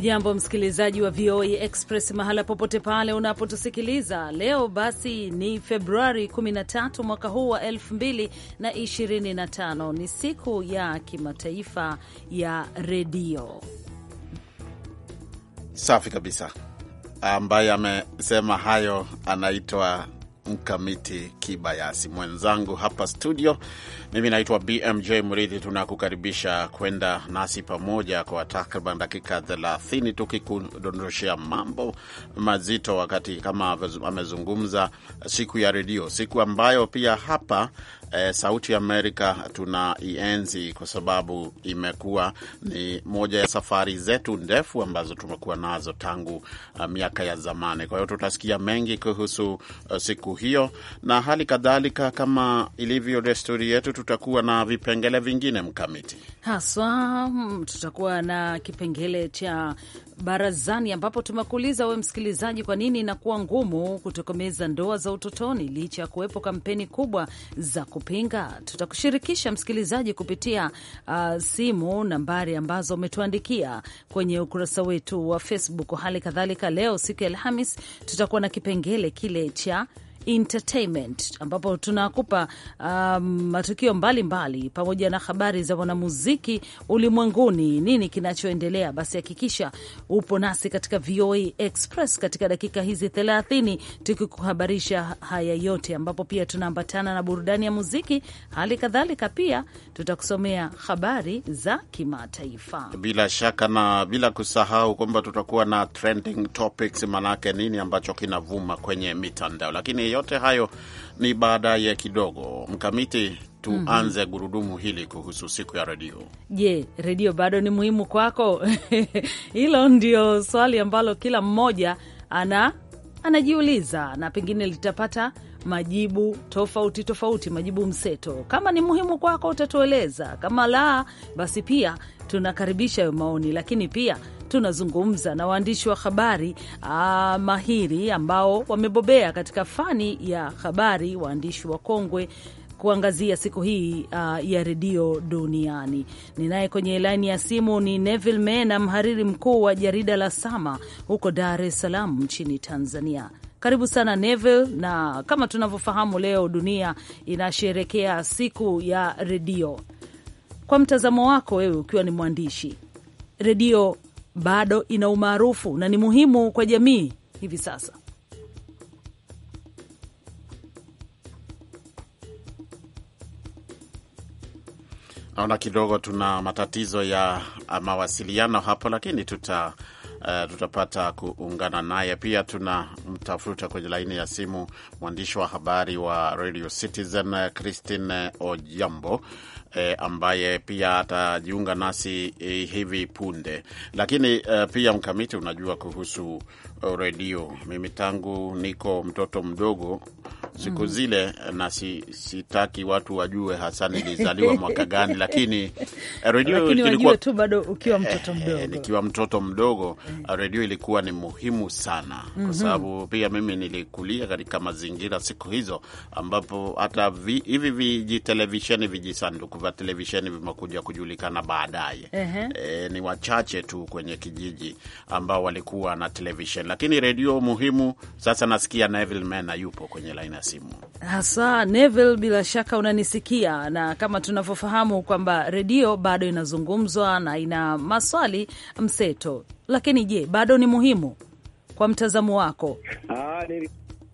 Hujambo msikilizaji wa VOA Express mahala popote pale unapotusikiliza leo. Basi ni Februari 13 mwaka huu wa 2025, ni siku ya kimataifa ya redio. Safi kabisa. Ambaye amesema hayo anaitwa Mkamiti Kibayasi, mwenzangu hapa studio, mimi naitwa BMJ Mridhi, Tunakukaribisha kwenda nasi pamoja kwa takriban dakika 30 tukikudondoshea mambo mazito, wakati kama amezungumza siku ya redio, siku ambayo pia hapa e, Sauti Amerika ienzi kwa sababu imekuwa ni moja ya safari zetu ndefu ambazo tumekuwa nazo tangu uh, miaka ya zamani. Kwa hiyo tutasikia mengi kuhusu uh, siku hiyo na hali kadhalika, kama ilivyo desturi yetu tutakuwa na vipengele vingine mkamiti haswa. Hmm, tutakuwa na kipengele cha barazani, ambapo tumekuuliza we msikilizaji, kwa nini inakuwa ngumu kutokomeza ndoa za utotoni licha ya kuwepo kampeni kubwa za kupinga. Tutakushirikisha msikilizaji kupitia uh, simu nambari ambazo umetuandikia kwenye ukurasa wetu wa Facebook. Hali kadhalika leo siku ya Alhamis tutakuwa na kipengele kile cha Entertainment, ambapo tunakupa um, matukio mbalimbali mbali, pamoja na habari za wanamuziki ulimwenguni, nini kinachoendelea. Basi hakikisha upo nasi katika VOA Express katika dakika hizi 30 tukikuhabarisha haya yote, ambapo pia tunaambatana na burudani ya muziki. Hali kadhalika pia tutakusomea habari za kimataifa bila shaka, na bila kusahau kwamba tutakuwa na trending topics, manake nini ambacho kinavuma kwenye mitandao, lakini yote hayo ni baadaye kidogo. Mkamiti, tuanze mm -hmm. gurudumu hili kuhusu siku ya redio. Je, redio bado ni muhimu kwako? Hilo ndio swali ambalo kila mmoja ana anajiuliza na pengine litapata majibu tofauti tofauti, majibu mseto. Kama ni muhimu kwako, utatueleza. Kama la, basi pia tunakaribisha yo maoni, lakini pia tunazungumza na waandishi wa habari aa, ah, mahiri ambao wamebobea katika fani ya habari, waandishi wa kongwe kuangazia siku hii uh, ya redio duniani. Ninaye kwenye laini ya simu ni Neville Mena, mhariri mkuu wa jarida la Sama huko Dar es Salaam nchini Tanzania. Karibu sana Neville, na kama tunavyofahamu leo dunia inasherekea siku ya redio. Kwa mtazamo wako wewe, ukiwa ni mwandishi, redio bado ina umaarufu na ni muhimu kwa jamii hivi sasa? Naona kidogo tuna matatizo ya ah, mawasiliano hapo, lakini tuta Uh, tutapata kuungana naye pia. Tunamtafuta kwenye laini ya simu mwandishi wa habari wa Radio Citizen eh, Christine eh, Ojambo e, ambaye pia atajiunga nasi e, hivi punde. Lakini e, pia Mkamiti, unajua kuhusu e, redio, mimi tangu niko mtoto mdogo siku mm-hmm. zile, na si, sitaki watu wajue hasa nilizaliwa mwaka gani, lakini eh, redio ilikuwa tu bado ukiwa eh, mtoto eh, mdogo. Nikiwa mtoto mdogo, mm. redio ilikuwa ni muhimu sana, kwa mm-hmm. sababu pia mimi nilikulia katika mazingira siku hizo ambapo hata vi, hivi vijitelevisheni vijisanduku vya televisheni vimekuja kujulikana baadaye. E, ni wachache tu kwenye kijiji ambao walikuwa na televisheni, lakini redio muhimu. Sasa nasikia Neville Mena yupo kwenye laini ya simu hasa. Neville, bila shaka unanisikia, na kama tunavyofahamu kwamba redio bado inazungumzwa na ina maswali mseto, lakini je, bado ni muhimu kwa mtazamo wako? Aa, ah,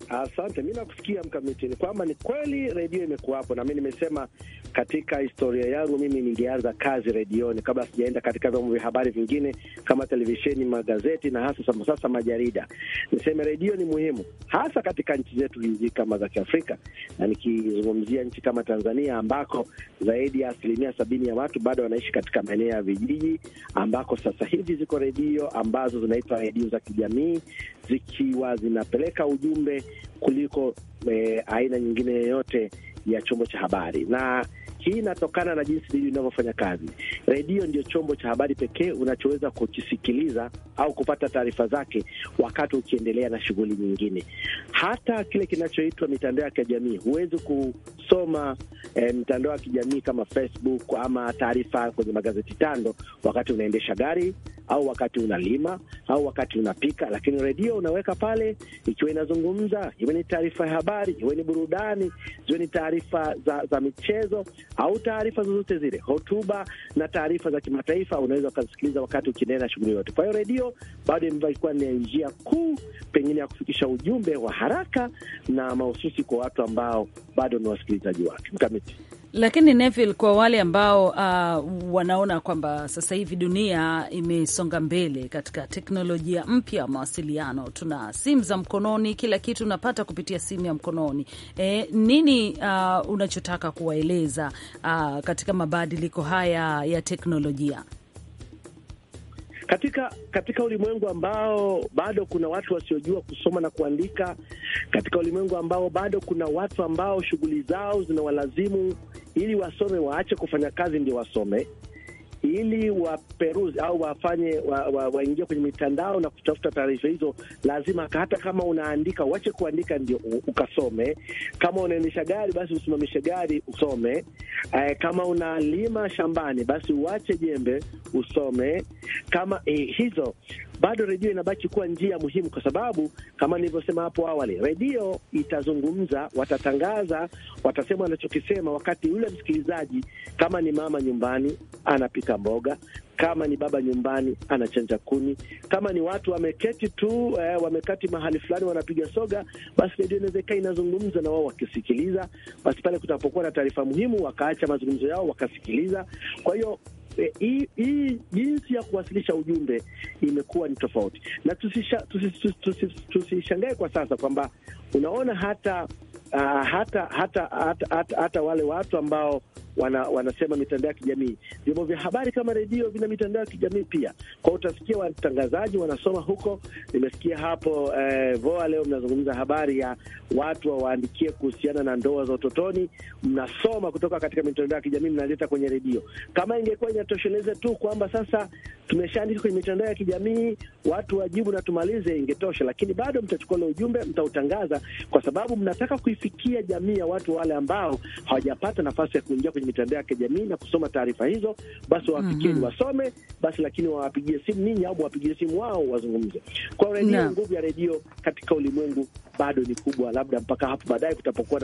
Asante, mi nakusikia Mkamiti, ni kwamba ni kweli redio imekuwapo, na mi nimesema katika historia yangu mimi ningeanza kazi redioni kabla sijaenda katika vyombo vya habari vingine kama televisheni, magazeti na hasa sasa majarida. Niseme redio ni muhimu hasa katika nchi zetu hizi kama za Kiafrika, na nikizungumzia nchi kama Tanzania ambako zaidi ya asilimia sabini ya watu bado wanaishi katika maeneo ya vijiji ambako sasa hivi ziko redio ambazo zinaitwa redio za kijamii zikiwa zinapeleka ujumbe kuliko eh, aina nyingine yoyote ya chombo cha habari na hii inatokana na jinsi redio inavyofanya kazi. Redio ndio chombo cha habari pekee unachoweza kukisikiliza au kupata taarifa zake wakati ukiendelea na shughuli nyingine. Hata kile kinachoitwa mitandao ya kijamii, huwezi kusoma eh, mtandao wa kijamii kama Facebook ama taarifa kwenye magazeti tando wakati unaendesha gari au wakati unalima au wakati unapika, lakini redio unaweka pale, ikiwa inazungumza, iwe ni taarifa ya habari, iwe ni burudani, ziwe ni taarifa za, za michezo au taarifa zozote zile, hotuba na taarifa za kimataifa, unaweza ukazisikiliza wakati ukinena shughuli yote. Kwa hiyo redio bado imekuwa ni njia kuu pengine ya kufikisha ujumbe wa haraka na mahususi kwa watu ambao bado ni wasikilizaji wake mkamiti lakini Neville, kwa wale ambao uh, wanaona kwamba sasa hivi dunia imesonga mbele katika teknolojia mpya ya mawasiliano, tuna simu za mkononi, kila kitu unapata kupitia simu ya mkononi. E, nini uh, unachotaka kuwaeleza uh, katika mabadiliko haya ya teknolojia? katika katika ulimwengu ambao bado kuna watu wasiojua kusoma na kuandika, katika ulimwengu ambao bado kuna watu ambao shughuli zao zinawalazimu ili wasome waache kufanya kazi ndio wasome, ili waperuzi au wafanye waingie wa, wa kwenye mitandao na kutafuta taarifa hizo, lazima hata kama unaandika uache kuandika ndio ukasome. Kama unaendesha gari, basi usimamishe gari usome. Eh, kama unalima shambani, basi uache jembe usome. Kama eh, hizo bado redio inabaki kuwa njia muhimu, kwa sababu kama nilivyosema hapo awali, redio itazungumza, watatangaza, watasema wanachokisema, wakati yule msikilizaji, kama ni mama nyumbani anapika mboga, kama ni baba nyumbani anachanja kuni, kama ni watu wameketi tu eh, wamekati mahali fulani wanapiga soga, basi redio inaweza ikaa inazungumza na wao wakisikiliza. Basi pale kutapokuwa na taarifa muhimu, wakaacha mazungumzo yao wakasikiliza. Kwa hiyo hii jinsi ya kuwasilisha ujumbe imekuwa ni tofauti, na tusishangae kwa sasa kwamba unaona ah, hata hata hata hata wale watu ambao wana, wanasema mitandao ya kijamii. Vyombo vya habari kama redio vina mitandao ya kijamii pia, kwa utasikia watangazaji wanasoma huko. Nimesikia hapo eh, VOA leo mnazungumza habari ya watu wawaandikie kuhusiana na ndoa za utotoni, mnasoma kutoka katika mitandao ya kijamii mnaleta kwenye redio. Kama ingekuwa inatosheleza tu kwamba sasa tumeshaandika kwenye mitandao ya kijamii watu wajibu na tumalize, ingetosha, lakini bado mtachukua ule ujumbe, mtautangaza kwa sababu mnataka kuifikia jamii ya watu wale ambao hawajapata nafasi ya kuingia kwenye mitandao ya kijamii na kusoma taarifa hizo, basi wawafikie mm -hmm. wasome basi, lakini wawapigie simu ninyi au wapigie simu wao wazungumze. Kwa redio, nguvu ya redio katika ulimwengu bado ni kubwa, labda mpaka hapo baadaye kutapokuwa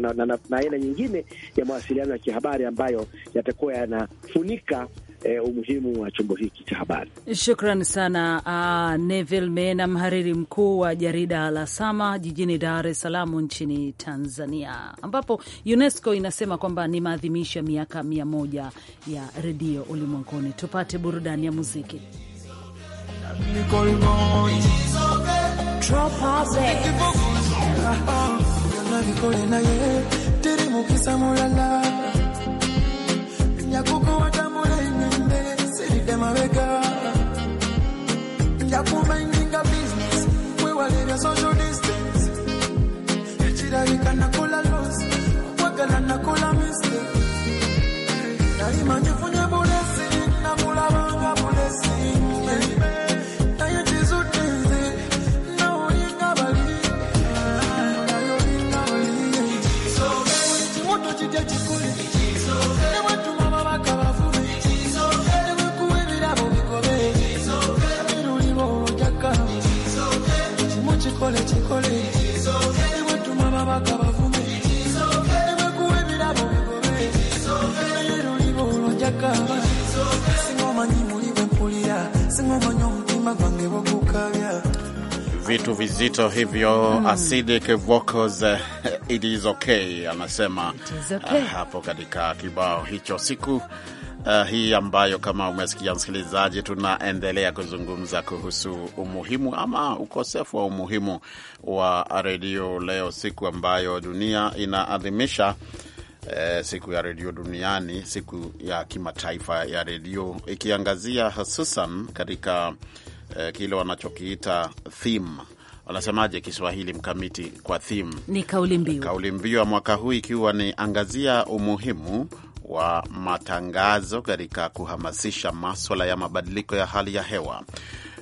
na aina nyingine ya mawasiliano ya kihabari ambayo yatakuwa yanafunika e, umuhimu wa chombo hiki cha habari. Shukran sana uh, Neville Mena, mhariri mkuu wa jarida la Sama jijini Dar es Salaam nchini Tanzania, ambapo UNESCO inasema kwamba ni maadhimisho ya miaka mia moja ya redio ulimwenguni. Tupate burudani ya muziki. Jamaica. Yakumainginga business, we social distance. vitu vizito hivyo. mm. Acidic vocals eh, it is okay, anasema eh, okay. Uh, hapo katika kibao hicho siku Uh, hii ambayo kama umesikia msikilizaji, tunaendelea kuzungumza kuhusu umuhimu ama ukosefu wa umuhimu wa redio leo, siku ambayo dunia inaadhimisha eh, siku ya redio duniani, siku ya kimataifa ya redio, ikiangazia hususan katika eh, kile wanachokiita theme Wanasemaje Kiswahili mkamiti kwa theme? Ni kauli mbiu, kauli mbiu ya mwaka huu ikiwa ni angazia umuhimu wa matangazo katika kuhamasisha maswala ya mabadiliko ya hali ya hewa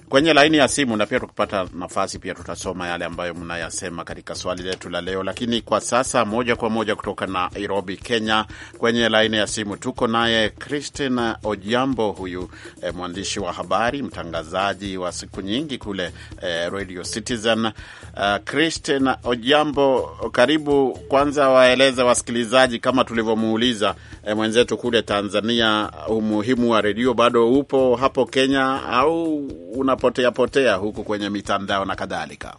kwenye laini ya simu, na pia tukipata nafasi pia tutasoma yale ambayo mnayasema katika swali letu la leo. Lakini kwa sasa, moja kwa moja kutoka Nairobi, Kenya, kwenye laini ya simu tuko naye cristin Ojiambo, huyu eh, mwandishi wa habari, mtangazaji wa siku nyingi kule eh, Radio Citizen. Uh, Christine Ojiambo, karibu. Kwanza waeleze wasikilizaji kama tulivyomuuliza eh, mwenzetu kule Tanzania, umuhimu wa redio bado upo hapo Kenya au una wanapotea potea huku kwenye mitandao na kadhalika.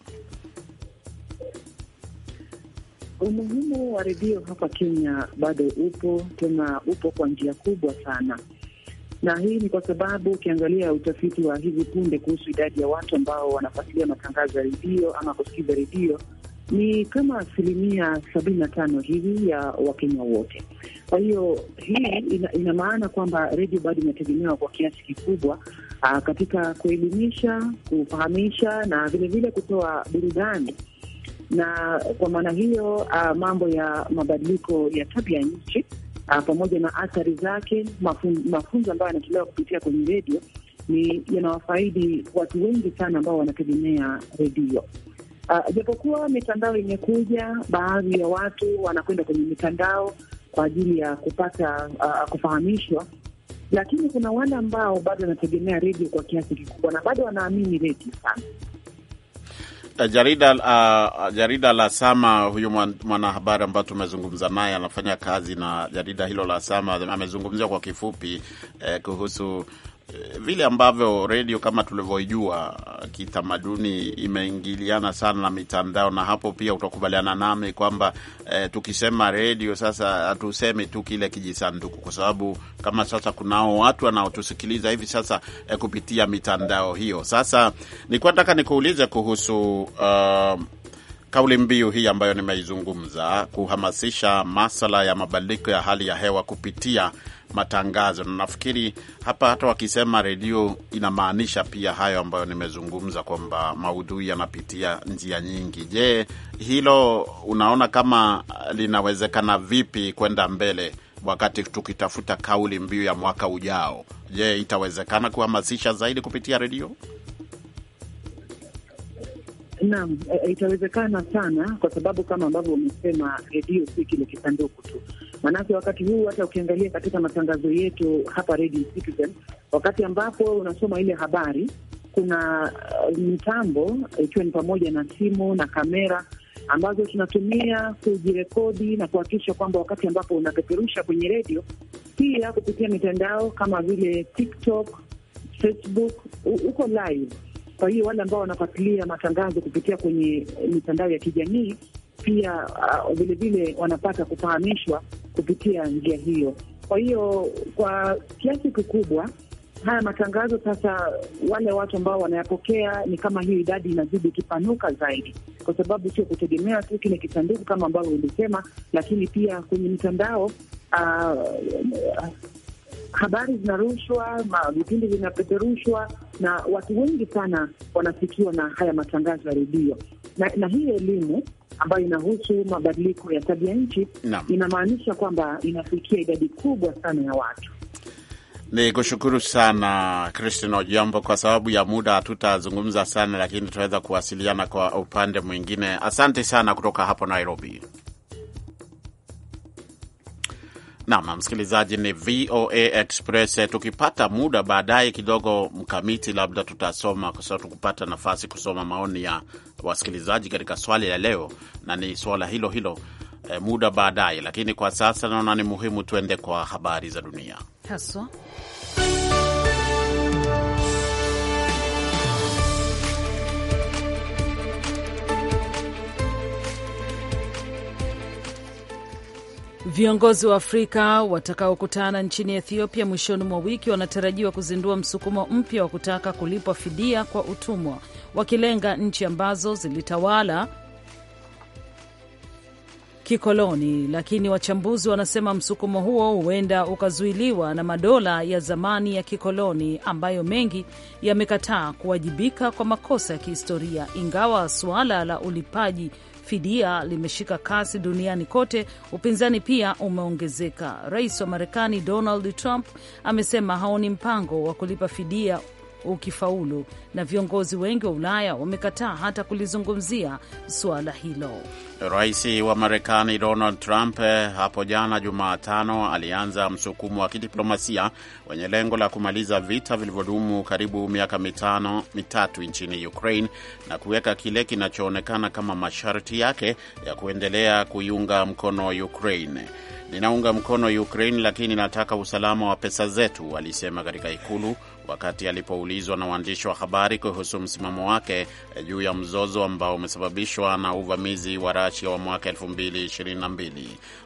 Umuhimu wa redio hapa Kenya bado upo, tena upo kwa njia kubwa sana, na hii ni kwa sababu ukiangalia utafiti wa hivi punde kuhusu idadi ya watu ambao wanafuatilia matangazo ya redio ama kusikiza redio ni kama asilimia sabini na tano hivi ya Wakenya wote. Kwa hiyo hii ina, ina maana kwamba redio bado inategemewa kwa kiasi kikubwa uh, katika kuelimisha, kufahamisha na vilevile kutoa burudani na kwa maana hiyo uh, mambo ya mabadiliko ya tabia nchi uh, pamoja na athari zake, mafunzo ambayo yanatolewa kupitia kwenye redio ni yanawafaidi watu wengi sana ambao wanategemea redio. Uh, japokuwa mitandao imekuja, baadhi ya watu wanakwenda kwenye mitandao kwa ajili ya kupata uh, kufahamishwa lakini kuna wale ambao bado wanategemea redio kwa kiasi kikubwa na bado wanaamini redio sana. Eh, jarida, uh, jarida la Sama, huyu mwanahabari ambayo tumezungumza naye anafanya kazi na jarida hilo la Sama, amezungumzia kwa kifupi eh, kuhusu vile ambavyo redio kama tulivyojua kitamaduni imeingiliana sana na mitandao, na hapo pia utakubaliana nami kwamba eh, tukisema redio sasa hatusemi tu kile kijisanduku, kwa sababu kama sasa kunao watu wanaotusikiliza hivi sasa eh, kupitia mitandao hiyo. Sasa nilikuwa nataka nikuulize kuhusu uh, kauli mbiu hii ambayo nimeizungumza, kuhamasisha masala ya mabadiliko ya hali ya hewa kupitia matangazo, na nafikiri hapa hata wakisema redio inamaanisha pia hayo ambayo nimezungumza kwamba maudhui yanapitia njia nyingi. Je, hilo unaona kama linawezekana vipi kwenda mbele wakati tukitafuta kauli mbiu ya mwaka ujao? Je, itawezekana kuhamasisha zaidi kupitia redio? Naam, e, e, itawezekana sana kwa sababu kama ambavyo umesema, redio si kile kisanduku tu. Maanake wakati huu hata ukiangalia katika matangazo yetu hapa Radio Citizen, wakati ambapo unasoma ile habari, kuna uh, mitambo ikiwa ni pamoja na simu na kamera ambazo tunatumia kujirekodi na kuhakikisha kwamba wakati ambapo unapeperusha kwenye redio, pia kupitia mitandao kama vile TikTok, Facebook, uko live kwa hiyo wale ambao wanafuatilia matangazo kupitia kwenye eh, mitandao ya kijamii pia vilevile ah, uh, wanapata kufahamishwa kupitia njia hiyo. Kwa hiyo kwa kiasi kikubwa haya matangazo sasa, wale watu ambao wanayapokea ni kama hiyo idadi inazidi ikipanuka zaidi, kwa sababu sio kutegemea tu kile kisanduku kama ambavyo ulisema, lakini pia kwenye mitandao uh, habari zinarushwa, vipindi vinapeperushwa, na watu wengi sana wanafikiwa na haya matangazo ya redio na, na hii elimu ambayo inahusu mabadiliko ya tabia nchi inamaanisha kwamba inafikia idadi kubwa sana ya watu. Ni kushukuru sana Christine Ojambo. Kwa sababu ya muda hatutazungumza sana, lakini tunaweza kuwasiliana kwa upande mwingine. Asante sana kutoka hapo Nairobi. Naam, msikilizaji, ni VOA Express. Tukipata muda baadaye kidogo, mkamiti labda tutasoma kwa sababu tukupata nafasi kusoma maoni ya wasikilizaji katika swali la leo, na ni swala hilo hilo e, muda baadaye, lakini kwa sasa naona ni muhimu tuende kwa habari za dunia haswa. Viongozi wa Afrika watakaokutana nchini Ethiopia mwishoni mwa wiki wanatarajiwa kuzindua msukumo mpya wa kutaka kulipwa fidia kwa utumwa, wakilenga nchi ambazo zilitawala kikoloni, lakini wachambuzi wanasema msukumo huo huenda ukazuiliwa na madola ya zamani ya kikoloni ambayo mengi yamekataa kuwajibika kwa makosa ya kihistoria, ingawa suala la ulipaji fidia limeshika kasi duniani kote, upinzani pia umeongezeka. Rais wa Marekani Donald Trump amesema haoni mpango wa kulipa fidia ukifaulu, na viongozi wengi wa Ulaya wamekataa hata kulizungumzia suala hilo. Rais wa Marekani Donald Trump eh, hapo jana Jumatano alianza msukumo wa kidiplomasia wenye lengo la kumaliza vita vilivyodumu karibu miaka mitano mitatu nchini Ukraine na kuweka kile kinachoonekana kama masharti yake ya kuendelea kuiunga mkono Ukraine. Ninaunga mkono Ukraine, lakini nataka usalama wa pesa zetu, alisema katika ikulu wakati alipoulizwa na waandishi wa habari kuhusu msimamo wake eh, juu ya mzozo ambao umesababishwa na uvamizi wa Rasia wa mwaka 2022.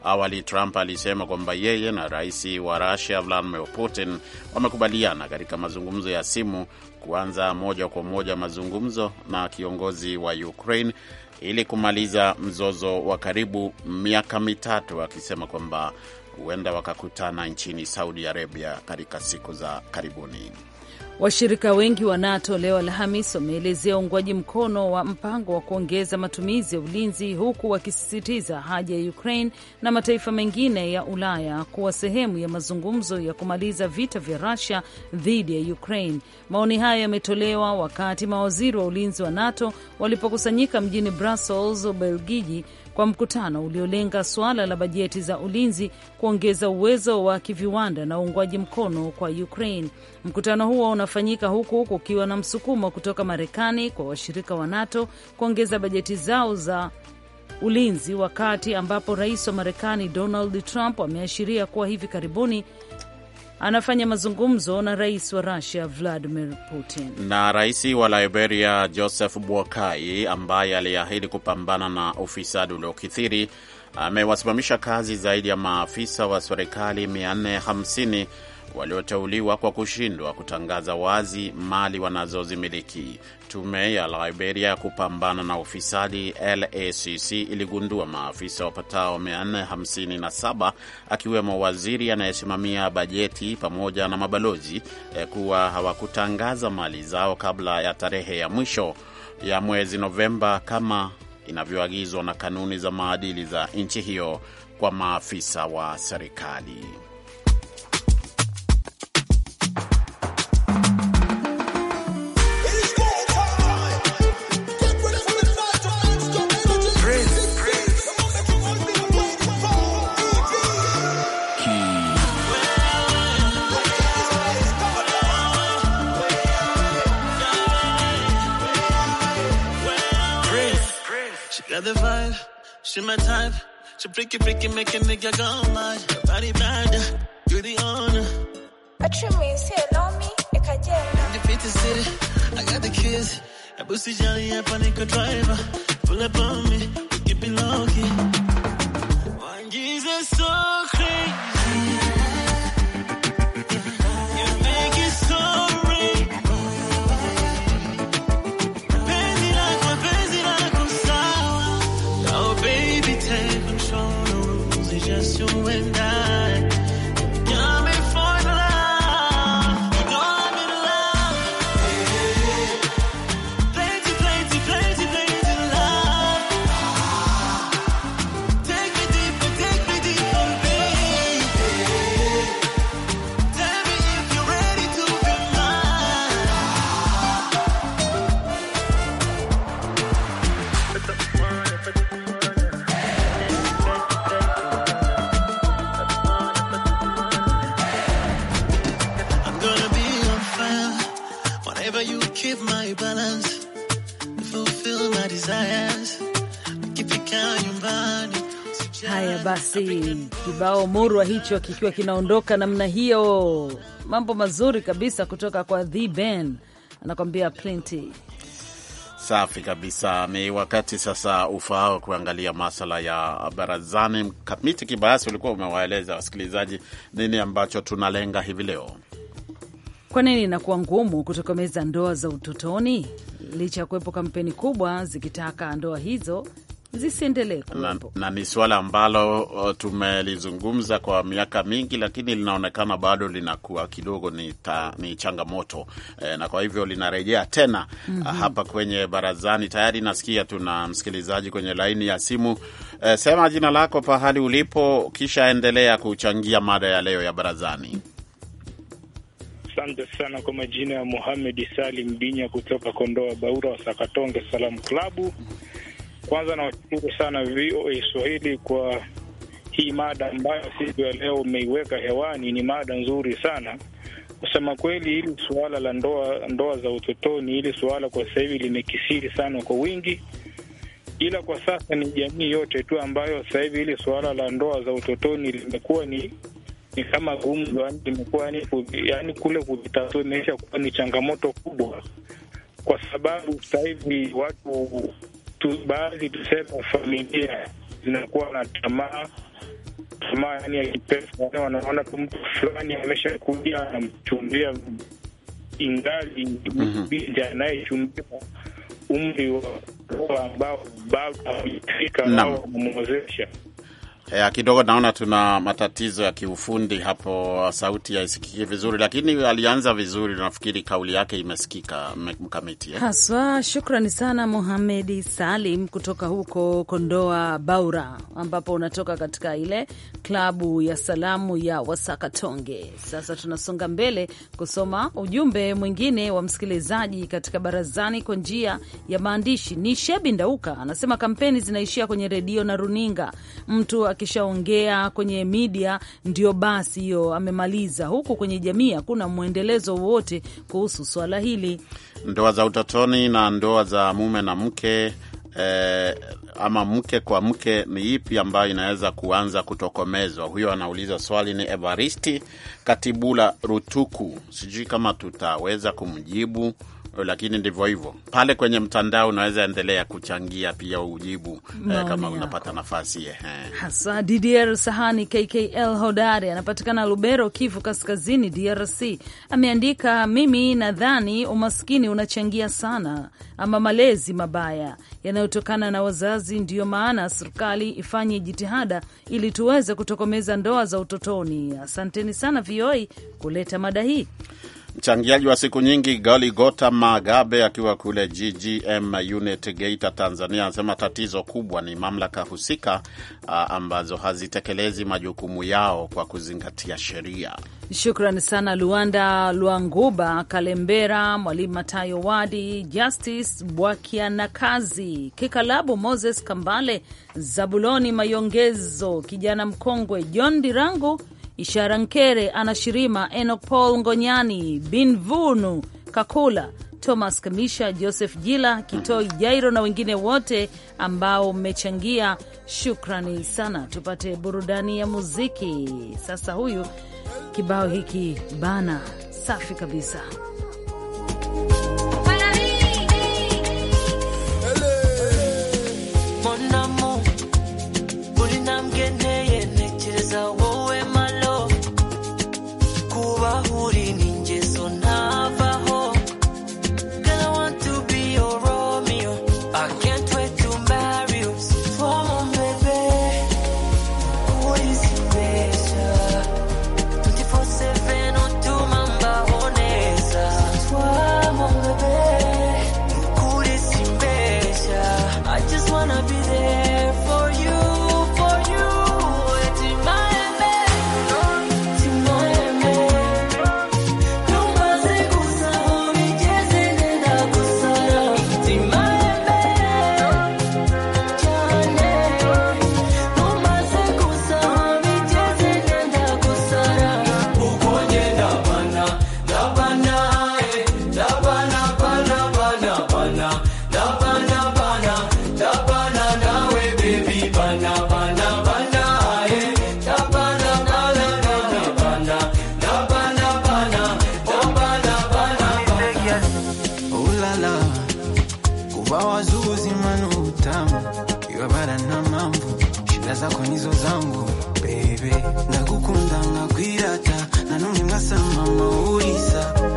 Awali Trump alisema kwamba yeye na rais wa Rasia Vladimir Putin wamekubaliana katika mazungumzo ya simu kuanza moja kwa moja mazungumzo na kiongozi wa Ukraine ili kumaliza mzozo wa karibu miaka mitatu, akisema kwamba huenda wakakutana nchini Saudi Arabia katika siku za karibuni. Washirika wengi wa NATO leo Alhamis wameelezea uungwaji mkono wa mpango wa kuongeza matumizi ya ulinzi huku wakisisitiza haja ya Ukraine na mataifa mengine ya Ulaya kuwa sehemu ya mazungumzo ya kumaliza vita vya Rusia dhidi ya Ukraine. Maoni hayo yametolewa wakati mawaziri wa ulinzi wa NATO walipokusanyika mjini Brussels, Ubelgiji kwa mkutano uliolenga suala la bajeti za ulinzi, kuongeza uwezo wa kiviwanda na uungwaji mkono kwa Ukraine. Mkutano huo unafanyika huku kukiwa na msukumo kutoka Marekani kwa washirika wa NATO kuongeza bajeti zao za ulinzi, wakati ambapo rais wa Marekani Donald Trump ameashiria kuwa hivi karibuni anafanya mazungumzo na rais wa Rusia Vladimir Putin na rais wa Liberia Joseph Boakai ambaye aliahidi kupambana na ufisadi uliokithiri amewasimamisha kazi zaidi ya maafisa wa serikali 450 walioteuliwa kwa kushindwa kutangaza wazi mali wanazozimiliki. Tume ya Liberia ya kupambana na ufisadi LACC iligundua maafisa wapatao 457 akiwemo waziri anayesimamia bajeti pamoja na mabalozi eh, kuwa hawakutangaza mali zao kabla ya tarehe ya mwisho ya mwezi Novemba kama inavyoagizwa na kanuni za maadili za nchi hiyo kwa maafisa wa serikali. Got the vibe, she my type. She freaky, freaky, make a nigga go mad. body bad, you the owner. What you mean, say know me, ikagenda. I'm the pretty city, I got the keys. A pussy jelly, a panic driver. Pull up on me, we keep it low key. One Jesus so crazy. basi kibao murwa hicho kikiwa kinaondoka namna hiyo, mambo mazuri kabisa kutoka kwa The Ben anakwambia Plenty. Safi kabisa. Ni wakati sasa ufaao kuangalia masala ya barazani. Mkamiti Kibayasi, ulikuwa umewaeleza wasikilizaji nini ambacho tunalenga hivi leo. Kwa nini inakuwa ngumu kutokomeza ndoa za utotoni licha ya kuwepo kampeni kubwa zikitaka ndoa hizo zisiendelee kuwepo, na, na ni suala ambalo tumelizungumza kwa miaka mingi, lakini linaonekana bado linakuwa kidogo ni, ta, ni changamoto e, na kwa hivyo linarejea tena mm -hmm. hapa kwenye barazani. Tayari nasikia tuna msikilizaji kwenye laini ya simu e, sema jina lako, pahali ulipo, kisha endelea kuchangia mada ya leo ya barazani. Asante sana kwa majina ya Muhamedi Salim Binya kutoka Kondoa Baura wa Sakatonge Salamu Klabu kwanza nawashukuru sana VOA Swahili kwa hii mada ambayo siku ya leo umeiweka hewani. Ni mada nzuri sana kusema kweli. Hili suala la ndoa, ndoa za utotoni, hili suala kwa sasa hivi limekisiri sana kwa wingi, ila kwa sasa ni jamii yote tu ambayo sasa hivi hili suala la ndoa za utotoni limekuwa ni ni kama gumzo, yani limekuwa yani kule kuvitatua imeisha kuwa ni changamoto kubwa, kwa sababu sasa hivi watu tu, baadhi tuseme familia zinakuwa na tamaa tamaa, yani ya kipesa, wanaona mtu fulani ameshakuja anamchumbia ingali mhm. binti anayechumbia umri wa ambao bado hajafika au kumwozesha ya eh, kidogo naona tuna matatizo ya kiufundi hapo, sauti haisikiki vizuri, lakini alianza vizuri. Nafikiri kauli yake imesikika mkamiti eh? Haswa. Shukrani sana Muhamedi Salim kutoka huko Kondoa Baura, ambapo unatoka katika ile klabu ya salamu ya Wasakatonge. Sasa tunasonga mbele kusoma ujumbe mwingine wa msikilizaji katika barazani kwa njia ya maandishi. Ni Shebi Ndauka anasema kampeni zinaishia kwenye redio na runinga, mtu akishaongea kwenye media ndio basi hiyo amemaliza. Huku kwenye jamii hakuna mwendelezo wowote kuhusu swala hili. Ndoa za utotoni na ndoa za mume na mke Eh, ama mke kwa mke ni ipi ambayo inaweza kuanza kutokomezwa? Huyo anauliza swali ni Evaristi Katibula Rutuku, sijui kama tutaweza kumjibu Eh, lakini ndivyo hivyo pale kwenye mtandao unaweza endelea kuchangia pia ujibu eh, kama unapata nafasi eh. Hasa DDR Sahani KKL hodari anapatikana Lubero, Kivu Kaskazini, DRC ameandika, mimi nadhani umaskini unachangia sana, ama malezi mabaya yanayotokana na wazazi. Ndiyo maana serikali ifanye jitihada ili tuweze kutokomeza ndoa za utotoni. Asanteni sana VOA kuleta mada hii. Mchangiaji wa siku nyingi Goligota Magabe akiwa kule GGM unit Geita, Tanzania, anasema tatizo kubwa ni mamlaka husika ambazo hazitekelezi majukumu yao kwa kuzingatia sheria. Shukrani sana Luanda Lwanguba Kalembera, Mwalimu Matayo Wadi, Justice Bwakianakazi, Kikalabu Moses Kambale, Zabuloni Mayongezo, kijana mkongwe John Dirangu Ishara Nkere, Anashirima, enok Paul Ngonyani, Binvunu Kakula, Thomas Kamisha, Joseph Jila, Kitoi Jairo na wengine wote ambao mmechangia, shukrani sana. Tupate burudani ya muziki sasa. Huyu kibao hiki bana, safi kabisa. hey. huri lala kuwa wazuzi manu utamu bara na mambo shida zako nizo zangu bebe ndagukunda ngakwirata nanone mwasama mawuriza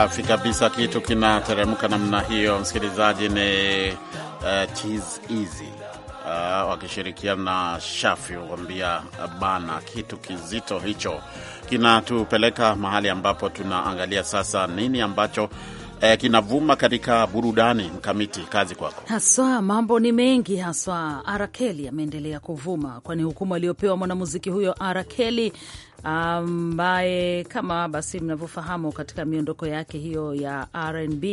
Safi kabisa, kitu kinateremka namna hiyo, msikilizaji. Ni uh, Cheese Easy uh, wakishirikiana na Shafi wakwambia ah, bana, kitu kizito hicho kinatupeleka mahali ambapo tunaangalia sasa nini ambacho eh, kinavuma katika burudani. Mkamiti, kazi kwako. Haswa mambo ni mengi, haswa Arakeli ameendelea kuvuma, kwani hukumu aliyopewa mwanamuziki huyo Arakeli ambaye kama basi mnavyofahamu katika miondoko yake hiyo ya RnB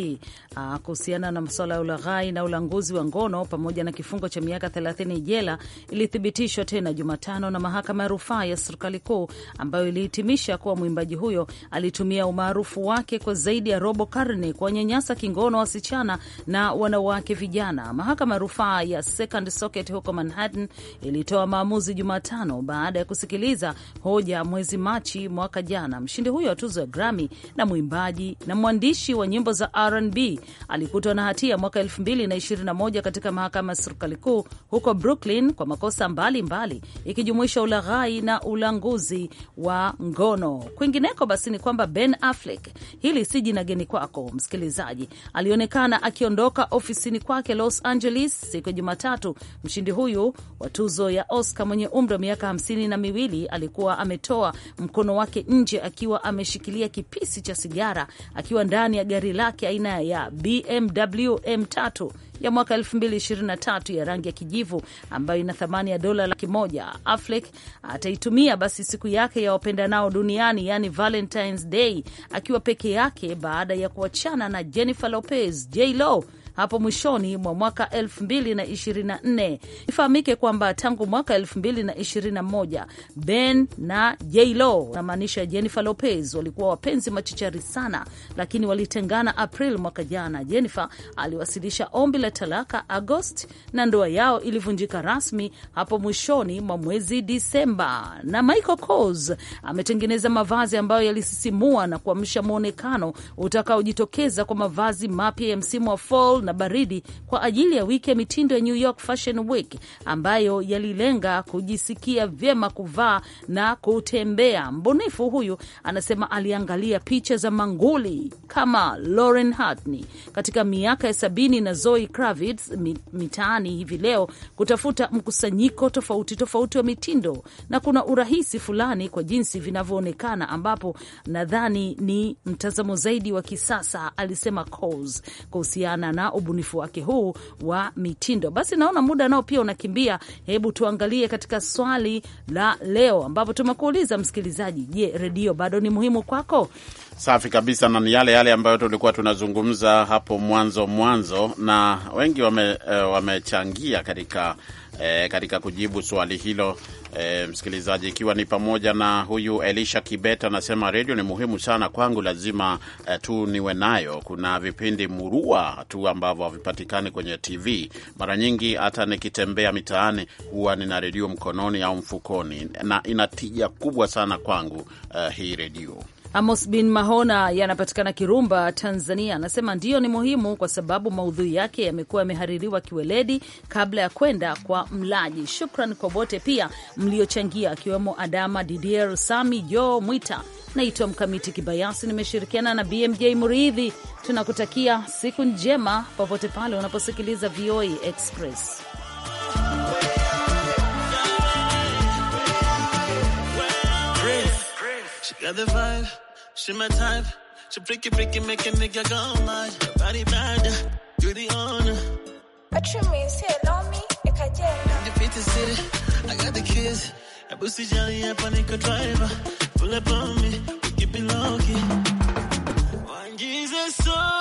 ah, kuhusiana na masuala ya ulaghai na ulanguzi wa ngono pamoja na kifungo cha miaka 30 jela ilithibitishwa tena Jumatano na mahakama ya rufaa ya serikali kuu, ambayo ilihitimisha kuwa mwimbaji huyo alitumia umaarufu wake kwa zaidi ya robo karne kuwanyanyasa kingono wasichana na wanawake vijana. Mahakama ya rufaa ya Second Circuit huko Manhattan ilitoa maamuzi Jumatano baada ya kusikiliza hoja mwezi Machi mwaka jana. Mshindi huyo wa tuzo ya Grammy na mwimbaji na mwandishi wa nyimbo za R&B alikutwa na hatia mwaka 2021 katika mahakama ya serikali kuu huko Brooklyn kwa makosa mbalimbali ikijumuisha ulaghai na ulanguzi wa ngono. Kwingineko basi ni kwamba Ben Affleck, hili si jina geni kwako msikilizaji, alionekana akiondoka ofisini kwake Los Angeles siku ya Jumatatu. Mshindi huyu wa tuzo ya Oscar mwenye umri wa miaka hamsini na miwili alikuwa ametoa akitoa mkono wake nje akiwa ameshikilia kipisi cha sigara akiwa ndani ya gari lake aina ya BMW M3 ya mwaka 2023 ya rangi ya kijivu ambayo ina thamani ya dola laki moja. Affleck ataitumia basi siku yake ya wapendanao duniani, yani Valentines Day, akiwa peke yake baada ya kuachana na Jennifer Lopez, J Lo hapo mwishoni mwa mwaka 2024. Ifahamike kwamba tangu mwaka 2021 Ben na JLo, namaanisha Jennifer Lopez walikuwa wapenzi machichari sana, lakini walitengana April mwaka jana. Jennifer aliwasilisha ombi la talaka Agosti na ndoa yao ilivunjika rasmi hapo mwishoni mwa mwezi Disemba. Na Michael Kors ametengeneza mavazi ambayo yalisisimua na kuamsha mwonekano utakaojitokeza kwa mavazi mapya ya msimu wa fall na baridi kwa ajili ya wiki ya mitindo ya New York Fashion Week ambayo yalilenga kujisikia vyema kuvaa na kutembea. Mbunifu huyu anasema aliangalia picha za manguli kama Lauren Hartney katika miaka ya sabini na Zoe Kravitz mitaani hivi leo kutafuta mkusanyiko tofauti tofauti wa mitindo, na kuna urahisi fulani kwa jinsi vinavyoonekana, ambapo nadhani ni mtazamo zaidi wa kisasa, alisema Coles kuhusiana na ubunifu wake huu wa mitindo. Basi naona muda nao pia unakimbia, hebu tuangalie katika swali la leo ambapo tumekuuliza msikilizaji, je, redio bado ni muhimu kwako? Safi kabisa, na ni yale yale ambayo tulikuwa tunazungumza hapo mwanzo mwanzo, na wengi eh, wamechangia wame katika, eh, katika kujibu swali hilo E, msikilizaji, ikiwa ni pamoja na huyu Elisha Kibet anasema redio ni muhimu sana kwangu, lazima e, tu niwe nayo. Kuna vipindi murua tu ambavyo havipatikani kwenye TV. Mara nyingi hata nikitembea mitaani huwa nina redio mkononi au mfukoni, na ina tija kubwa sana kwangu e, hii redio. Amos bin Mahona yanapatikana Kirumba, Tanzania, anasema ndiyo, ni muhimu kwa sababu maudhui yake yamekuwa yamehaririwa kiweledi kabla ya kwenda kwa mlaji. Shukran kwa wote pia mliochangia, akiwemo Adama Didier, Sami Jo Mwita. Naitwa Mkamiti Kibayasi, nimeshirikiana na BMJ Muridhi. Tunakutakia siku njema popote pale unaposikiliza VOA Express. She my type. She freaky, freaky, make a nigga go mad. Body bad, you the owner. A trim means here, on me, you can't a cajella. Defeat the city, I got the keys. A pussy jelly, a panic driver. Pull up on me, we keep it low key. One Jesus, so.